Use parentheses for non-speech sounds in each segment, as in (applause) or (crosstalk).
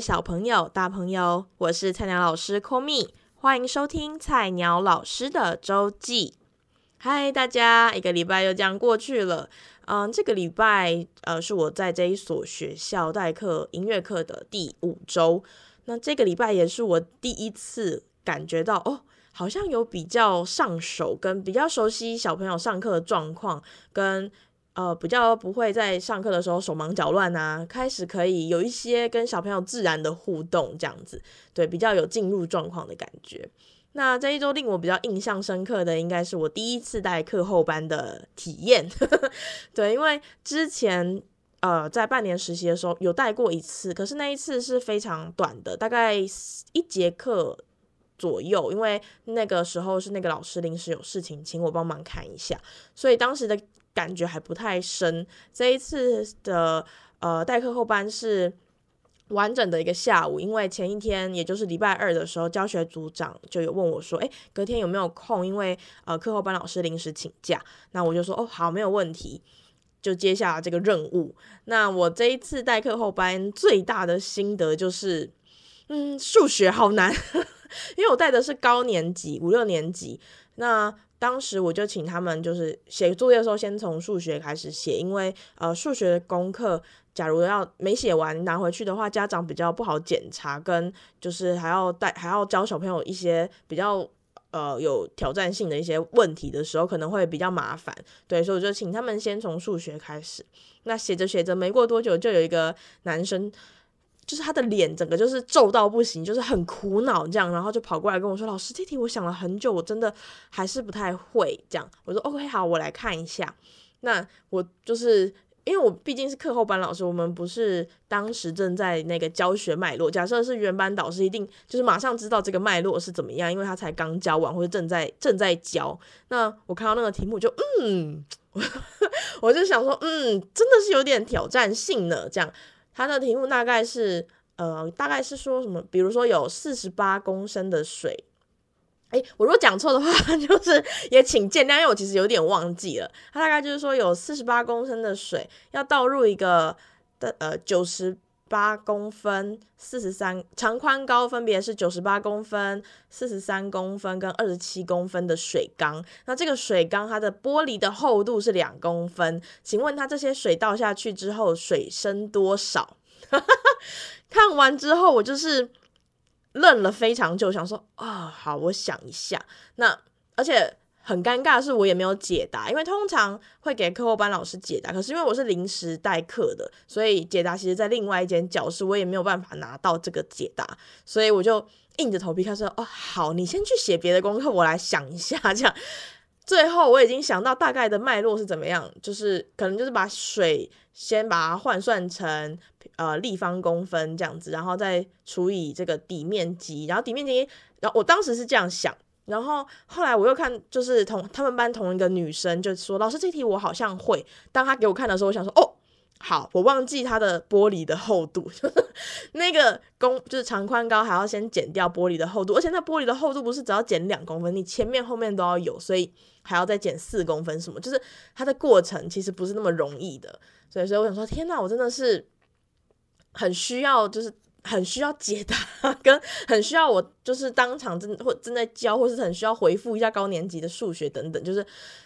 小朋友、大朋友，我是菜鳥老師 Komi，歡迎收聽菜鳥老師的週記。嗨，大家，一個禮拜又這樣過去了。嗯，這個禮拜呃是我在這一所學校代課音樂課的第五週，那這個禮拜也是我第一次感覺到哦，好像有比較上手，跟比較熟悉小朋友上課的狀況跟。呃，比較不會在上課的時候手忙腳亂啊，開始可以有一些跟小朋友自然的互動，這樣子，對，比較有進入狀況的感覺。那這一周令我比較印象深刻的，應該是我第一次帶課後班的體驗。 (laughs) 對，因為之前呃在半年實習的時候有帶過一次，可是那一次是非常短的，大概一節課左右，因為那個時候是那個老師臨時有事情，請我幫忙看一下，所以當時的。感覺還不太深。這一次的呃代課後班是完整的一個下午，因為前一天也就是禮拜二的時候，教學組長就有問我說：“哎，隔天有沒有空？”因為呃課後班老師臨時請假，那我就說：“哦，好，沒有問題。”就接下來這個任務。那我這一次代課後班最大的心得就是，嗯，數學好難，呵呵，因為我帶的是高年級五六年級。那當時我就請他們，就是寫作業的時候先從數學開始寫，因為呃數學功課假如要沒寫完拿回去的話，家長比較不好檢查，跟就是還要帶還要教小朋友一些比較呃有挑戰性的一些問題的時候，可能會比較麻煩。對，所以我就請他們先從數學開始。那寫着寫着，沒過多久就有一個男生。就是他的臉整個就是皺到不行，就是很苦惱這樣，然後就跑過來跟我說：“老師，這題我想了很久，我真的還是不太會。”這樣，我說：“OK，好，我來看一下。”那我就是因為我畢竟是課後班老師，我們不是當時正在那個教學脈絡。假設是原班導師，一定就是馬上知道這個脈絡是怎麼樣，因為他才剛教完，或者正在正在教。那我看到那個題目就嗯， (laughs) 我就想說嗯，真的是有點挑戰性呢，這樣。它的題目大概是，呃，大概是說什麼？比如說有四十八公升的水，哎、欸，我如果講錯的話，就是也請見諒，因為我其實有點忘記了。它大概就是說有四十八公升的水要倒入一個的，呃，九十。90八公分，四十三，長寬高分別是九十八公分、四十三公分跟二十七公分的水缸。那這個水缸它的玻璃的厚度是兩公分，請問它這些水倒下去之後，水深多少？ (laughs) 看完之後我就是愣了非常久，想說啊、哦，好，我想一下。那而且。很尷尬的是，我也沒有解答，因為通常會給課後班老師解答。可是因為我是臨時代課的，所以解答其實在另外一間教室，我也沒有辦法拿到這個解答，所以我就硬着頭皮開始。哦，好，你先去寫別的功課，我來想一下。這樣，最後我已經想到大概的脈絡是怎麼樣，就是可能就是把水先把它換算成呃立方公分這樣子，然後再除以這個底面積，然後底面積，然後我當時是這樣想。然後後來我又看，就是同他們班同一個女生就說：“老師，這題我好像會。”當她給我看的時候，我想說：“哦，好，我忘記它的玻璃的厚度，呵呵，那個公就是長寬高還要先減掉玻璃的厚度，而且那玻璃的厚度不是只要減兩公分，你前面後面都要有，所以還要再減四公分什麼，就是它的過程其實不是那麼容易的。所以，所以我想說，天哪，我真的是很需要就是。”很需要解答，跟很需要我就是當場真或正在教，或是很需要回復一下高年級的數學等等，就是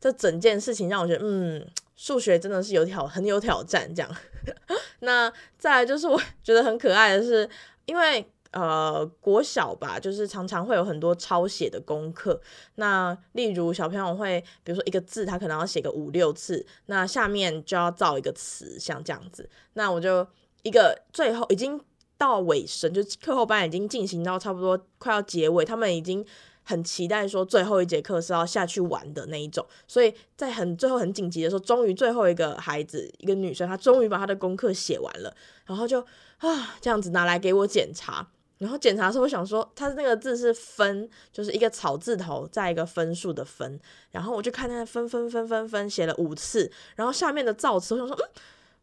這整件事情讓我覺得，嗯，數學真的是有挑很有挑戰這樣。 (laughs) 那再來就是我覺得很可愛的是，因為呃國小吧，就是常常會有很多抄寫的功課。那例如小朋友會，比如說一個字，他可能要寫個五六次，那下面就要造一個詞，像這樣子。那我就一個最後已經。到尾聲，就課後班已經進行到差不多快要結尾，他們已經很期待說最後一節課是要下去玩的那一種，所以在很最後很緊急的時候，終於最後一個孩子，一個女生，她終於把她的功課寫完了，然後就啊這樣子拿來給我檢查，然後檢查的時候我想說，她那個字是分，就是一個草字頭，再一個分數的分，然後我就看她分分分分分寫了五次，然後下面的造詞我想說，嗯，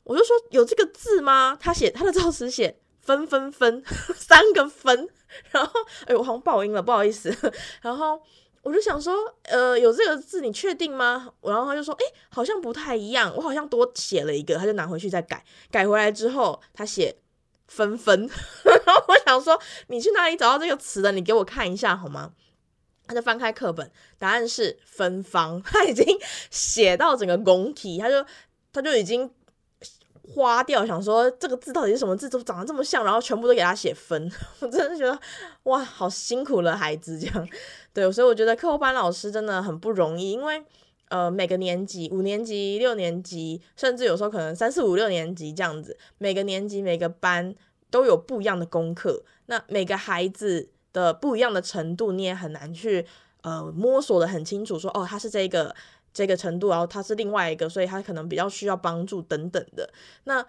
我就說有這個字嗎？她寫她的造詞寫。分分分，三個分，然後哎，我好像爆音了，不好意思。然後我就想說，呃，有這個字你確定嗎？然後他就說，哎，好像不太一樣，我好像多寫了一個。他就拿回去再改，改回來之後他寫分分。然後我想說，你去哪裡找到這個詞的？你給我看一下好嗎？他就翻開課本，答案是芬芳。他已經寫到整個工體，他就他就已經。花掉想說這個字到底是什麼字，都長得這麼像，然後全部都給他寫分，我真的是覺得哇，好辛苦了孩子這樣，對，所以我覺得課後班老師真的很不容易，因為呃每個年級五年級、六年級，甚至有時候可能三四五六年級這樣子，每個年級每個班都有不一樣的功課，那每個孩子的不一樣的程度你也很難去呃摸索得很清楚說，說哦他是這個。這個程度，然後他是另外一個，所以他可能比較需要幫助等等的。那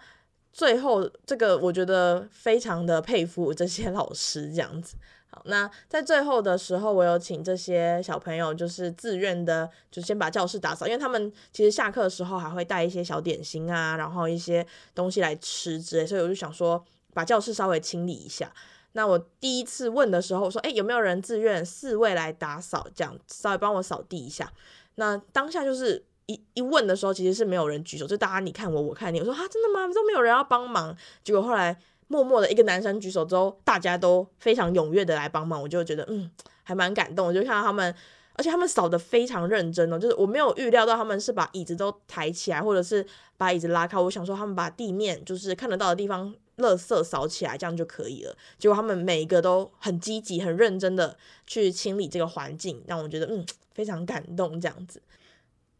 最後這個，我覺得非常的佩服這些老師這樣子。好，那在最後的時候，我有請這些小朋友就是自願的，就先把教室打掃，因為他們其實下課的時候還會帶一些小點心啊，然後一些東西來吃之類，所以我就想說，把教室稍微清理一下。那我第一次問的時候，我說：“誒，有沒有人自願四位來打掃，這樣稍微幫我掃地一下？”那當下就是一一問的時候，其實是沒有人舉手，就大家你看我，我看你，我說啊，真的嗎？都沒有人要幫忙？結果後來默默的一個男生舉手之後，大家都非常踴躍的來幫忙，我就覺得嗯，還蠻感動。我就看到他們，而且他們掃得非常認真哦，就是我沒有預料到他們是把椅子都抬起來，或者是把椅子拉開。我想說他們把地面就是看得到的地方。垃圾掃起來，這樣就可以了。結果他們每一個都很積極、很認真的去清理這個環境，讓我覺得嗯，非常感動。這樣子，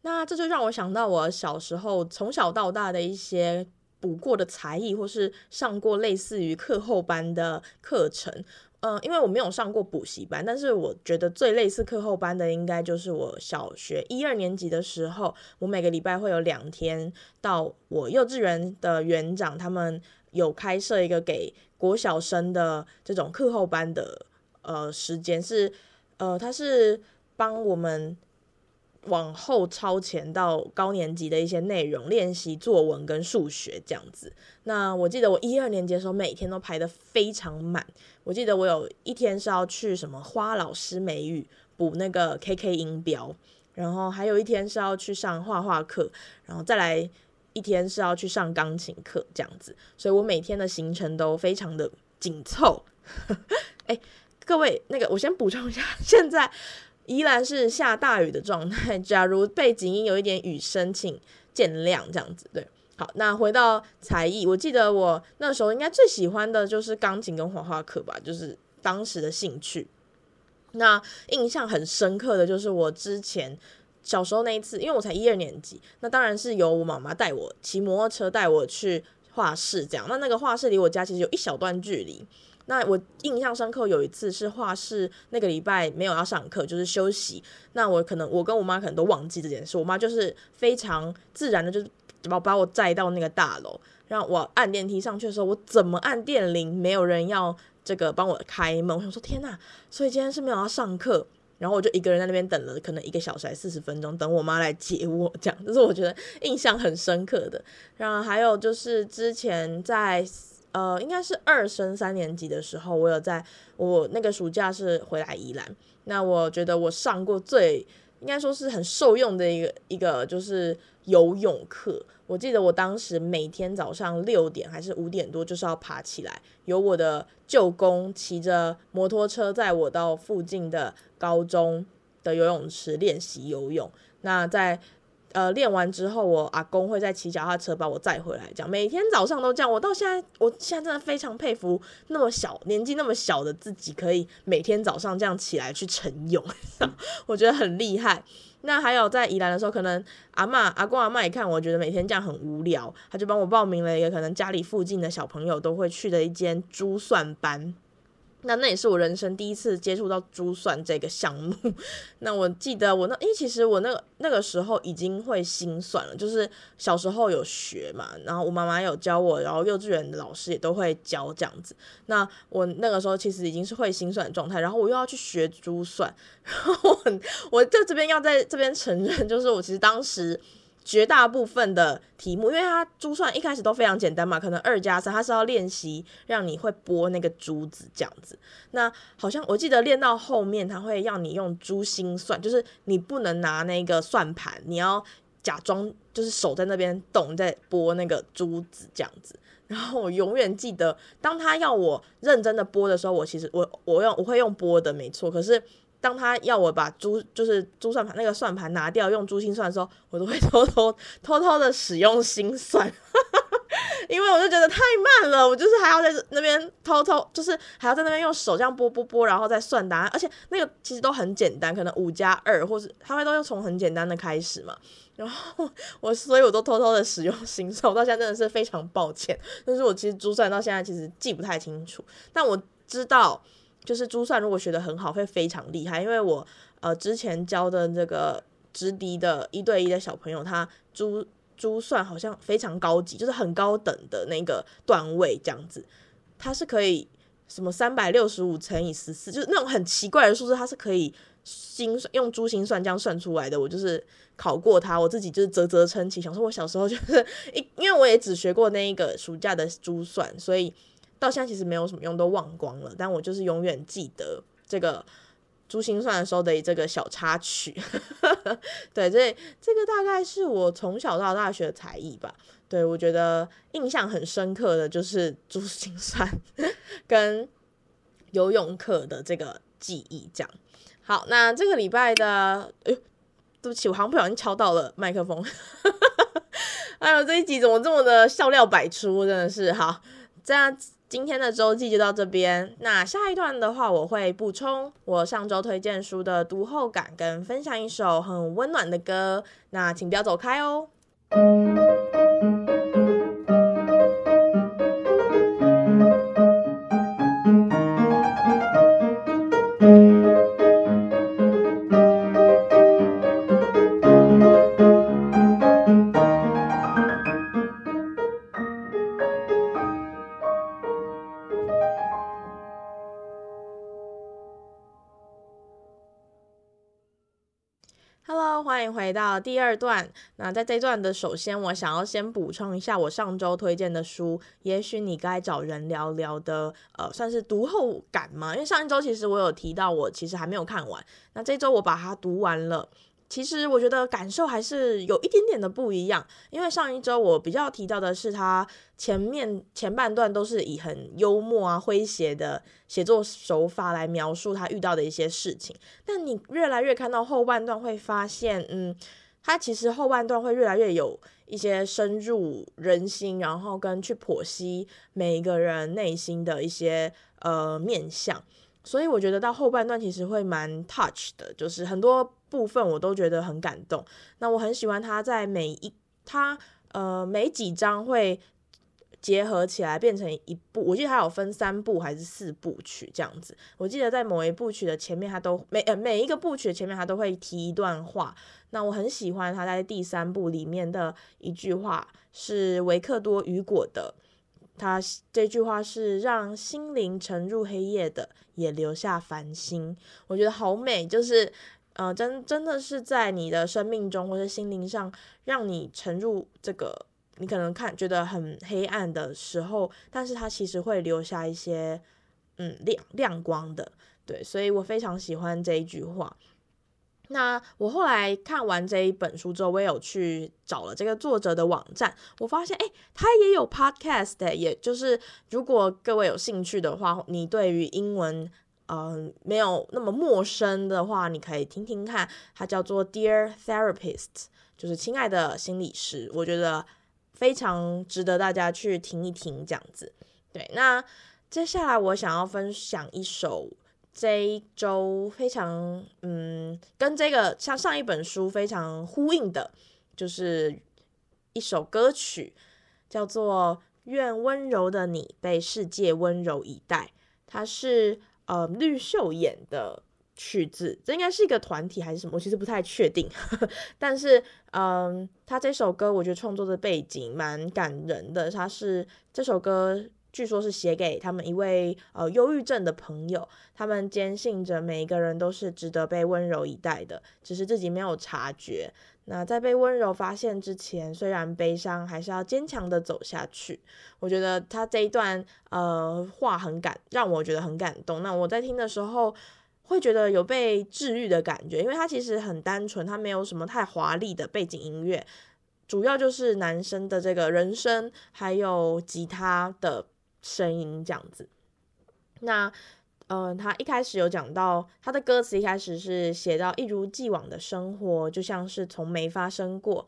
那這就讓我想到我小時候從小到大的一些補過的才藝，或是上過類似於課後班的課程。嗯、呃，因為我沒有上過補習班，但是我覺得最類似課後班的，應該就是我小學一二年級的時候，我每個禮拜會有兩天到我幼稚園的園長他們。有開設一個給國小生的這種課後班的。呃，時間是，呃，他是幫我們往後超前到高年級的一些內容，練習作文跟數學這樣子。那我記得我一二年級的時候，每天都排得非常滿。我記得我有一天是要去什麼花老師美語補那個 KK 音標，然後還有一天是要去上畫畫課，然後再來。一天是要去上鋼琴課這樣子，所以我每天的行程都非常的緊湊。誒、 (laughs) 欸，各位，那個我先補充一下，現在依然是下大雨的狀態。假如背景音有一點雨聲，請見諒這樣子。對，好，那回到才藝，我記得我那時候應該最喜歡的就是鋼琴跟畫畫課吧，就是當時的興趣。那印象很深刻的就是我之前。小時候那一次，因為我才一二年級，那當然是由我媽媽帶我騎摩托車帶我去畫室這樣。那那個畫室離我家其實有一小段距離。那我印象深刻有一次是畫室那個禮拜沒有要上課，就是休息。那我可能我跟我媽可能都忘記這件事，我媽就是非常自然的就把把我載到那個大樓，讓我按電梯上去的時候，我怎麼按電鈴，沒有人要這個幫我開門，我想說天啊，所以今天是沒有要上課。然後我就一個人在那邊等了，可能一個小時還四十分鐘，等我媽來接我這，這樣就是我覺得印象很深刻的。然後還有就是之前在呃，應該是二升三年級的時候，我有在我那個暑假是回來宜蘭，那我覺得我上過最。應該說是很受用的一個一個就是游泳課。我記得我當時每天早上六點還是五點多就是要爬起來，有我的舅公騎着摩托車載我到附近的高中的游泳池練習游泳。那在呃，練完之後，我阿公會再騎腳踏車把我載回來，這樣每天早上都這樣。我到現在，我現在真的非常佩服那麼小年紀那麼小的自己，可以每天早上這樣起來去晨泳， (laughs) 我覺得很厲害。那還有在宜蘭的時候，可能阿嬤、阿公、阿嬤也看，我覺得每天這樣很無聊，他就幫我報名了一個可能家裡附近的小朋友都會去的一間珠算班。那那也是我人生第一次接觸到珠算這個項目。那我記得我那，因為其實我那個那個時候已經會心算了，就是小時候有學嘛，然後我媽媽有教我，然後幼稚園的老師也都會教這樣子。那我那個時候其實已經是會心算的狀態，然後我又要去學珠算，然後我在這邊要在這邊承認，就是我其實當時。絕大部分的題目，因為它珠算一開始都非常簡單嘛，可能二加三，他是要練習讓你會撥那個珠子這樣子。那好像我記得練到後面，他會要你用珠心算，就是你不能拿那個算盤，你要假裝就是手在那邊動，在撥那個珠子這樣子。然後我永遠記得，當他要我認真的撥的時候，我其實我我用我會用撥的，沒錯。可是。當他要我把珠，就是珠算盤那個算盤拿掉，用珠心算的時候，我都會偷偷偷偷的使用心算呵呵，因為我就覺得太慢了，我就是還要在那邊偷偷，就是還要在那邊用手這樣撥撥撥，然後再算答案，而且那個其實都很簡單，可能五加二，或者他們都要從很簡單的開始嘛。然後我，所以我都偷偷的使用心算，我到現在真的是非常抱歉，就是我其實珠算到現在其實記不太清楚，但我知道。就是珠算，如果學得很好，會非常厲害。因為我呃之前教的這個直笛的一對一的小朋友，他珠珠算好像非常高級，就是很高等的那個段位這樣子。他是可以什麼三百六十五乘以十四，就是那種很奇怪的數字，他是可以心算用珠心算這樣算出來的。我就是考過他，我自己就是嘖嘖稱奇，想說我小時候就是一，因為我也只學過那一個暑假的珠算，所以。到現在其實沒有什麼用，都忘光了。但我就是永遠記得這個珠心算的時候的這個小插曲。 (laughs) 對，這這個大概是我從小到大學的才藝吧。對，我覺得印象很深刻的就是珠心算跟游泳課的這個記憶。這樣好，那這個禮拜的，哎，對不起，我好像不小心敲到了麥克風。哎 (laughs) 呦，這一集怎麼這麼的笑料百出？真的是好，這樣。今天的週記就到這邊，那下一段的話，我會補充我上周推薦書的讀後感，跟分享一首很溫暖的歌，那請不要走開哦。 (music) 第二段，那在這一段的首先，我想要先補充一下我上週推薦的書《也許你該找人聊聊》的，呃，算是讀後感嘛？因為上一周其實我有提到，我其實還沒有看完。那這周我把它讀完了，其實我覺得感受還是有一點點的不一樣。因為上一周我比較提到的是，他前面前半段都是以很幽默啊、詼諧的寫作手法來描述他遇到的一些事情，但你越來越看到後半段，會發現，嗯。他其實後半段會越來越有一些深入人心，然後跟去剖析每一個人內心的一些呃面向，所以我覺得到後半段其實會蠻 touch 的，就是很多部分我都覺得很感動。那我很喜歡他在每一他呃每幾章會。結合起來變成一部，我記得它有分三部還是四部曲這樣子。我記得在某一部曲的前面他，它都每、呃、每一個部曲的前面，它都會提一段話。那我很喜歡它在第三部裡面的一句話，是維克多·雨果的。他這句話是“讓心靈沉入黑夜的，也留下繁星”。我覺得好美，就是，呃，真真的是在你的生命中或者心靈上，讓你沉入這個。你可能看覺得很黑暗的時候，但是它其實會留下一些嗯亮亮光的，對，所以我非常喜歡這一句話。那我後來看完這一本書之後，我有去找了這個作者的網站，我發現誒，它、欸、也有 podcast，、欸、也就是如果各位有興趣的話，你對於英文嗯、呃、沒有那麼陌生的話，你可以聽聽看，它叫做 Dear Therapist，就是親愛的心理師，我覺得。非常值得大家去聽一聽，這樣子。對，那接下來我想要分享一首這一周非常嗯，跟這個像上一本書非常呼應的，就是一首歌曲，叫做《願溫柔的你被世界溫柔以待》，它是呃綠繡眼的曲子，這應該是一個團體還是什麼？我其實不太確定。呵呵，但是，嗯，他這首歌我覺得創作的背景蠻感人的。他是，這首歌據說是寫給他們一位呃憂鬱症的朋友。他們堅信着每一個人都是值得被溫柔以待的，只是自己沒有察覺。那在被溫柔發現之前，雖然悲傷，還是要堅強的走下去。我覺得他這一段呃話很感，讓我覺得很感動。那我在聽的時候。會覺得有被治癒的感覺，因為他其實很單純，他沒有什麼太華麗的背景音樂，主要就是男生的這個人聲，還有吉他的聲音這樣子。那，嗯，呃，他一開始有講到他的歌詞，一開始是寫到一如既往的生活，就像是從沒發生過。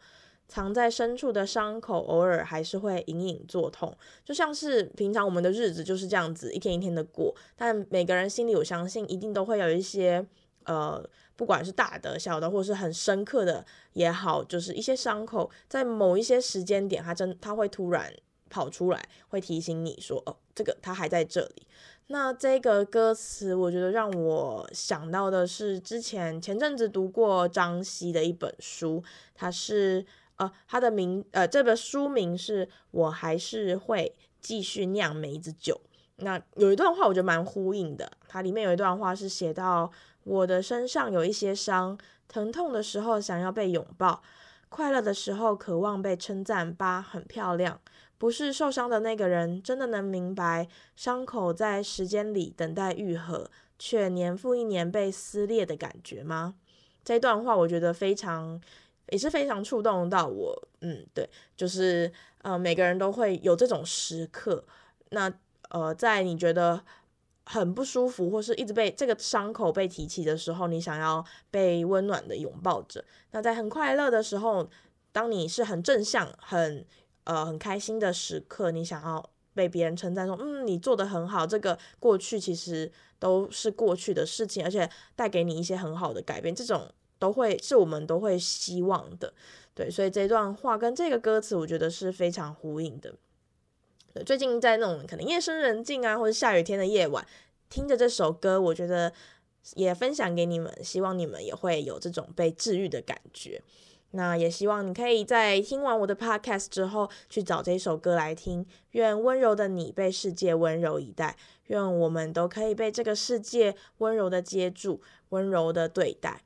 藏在深處的傷口，偶爾還是會隱隱作痛，就像是平常我們的日子就是這樣子，一天一天的過。但每個人心裡我相信，一定都會有一些，呃，不管是大的、小的，或是很深刻的也好，就是一些傷口，在某一些時間點，它真它會突然跑出來，會提醒你說，哦，這個它還在這裡。那這個歌詞，我覺得讓我想到的是，之前前陣子讀過張西的一本書，它是。呃，他的名，呃，這個書名是我還是會繼續釀梅子酒。那有一段話，我覺得蠻呼應的。它裡面有一段話是寫到：我的身上有一些傷，疼痛的時候想要被擁抱，快樂的時候渴望被稱讚。疤很漂亮，不是受傷的那個人，真的能明白傷口在時間裡等待癒合，卻年復一年被撕裂的感覺嗎？這段話，我覺得非常。也是非常觸動到我，嗯，對，就是呃，每個人都會有這種時刻。那呃，在你覺得很不舒服，或是一直被這個傷口被提起的時候，你想要被溫暖地擁抱着。那在很快樂的時候，當你是很正向、很呃很開心的時刻，你想要被別人稱讚說：“嗯，你做得很好。”這個過去其實都是過去的事情，而且帶給你一些很好的改變。這種。都會是我們都會希望的，對，所以這段話跟這個歌詞，我覺得是非常呼應的。對，最近在那種可能夜深人靜啊，或者下雨天的夜晚，聽着這首歌，我覺得也分享給你們，希望你們也會有這種被治癒的感覺。那也希望你可以在聽完我的 podcast 之後，去找這首歌來聽。願溫柔的你被世界溫柔以待，願我們都可以被這個世界溫柔的接住，溫柔的對待。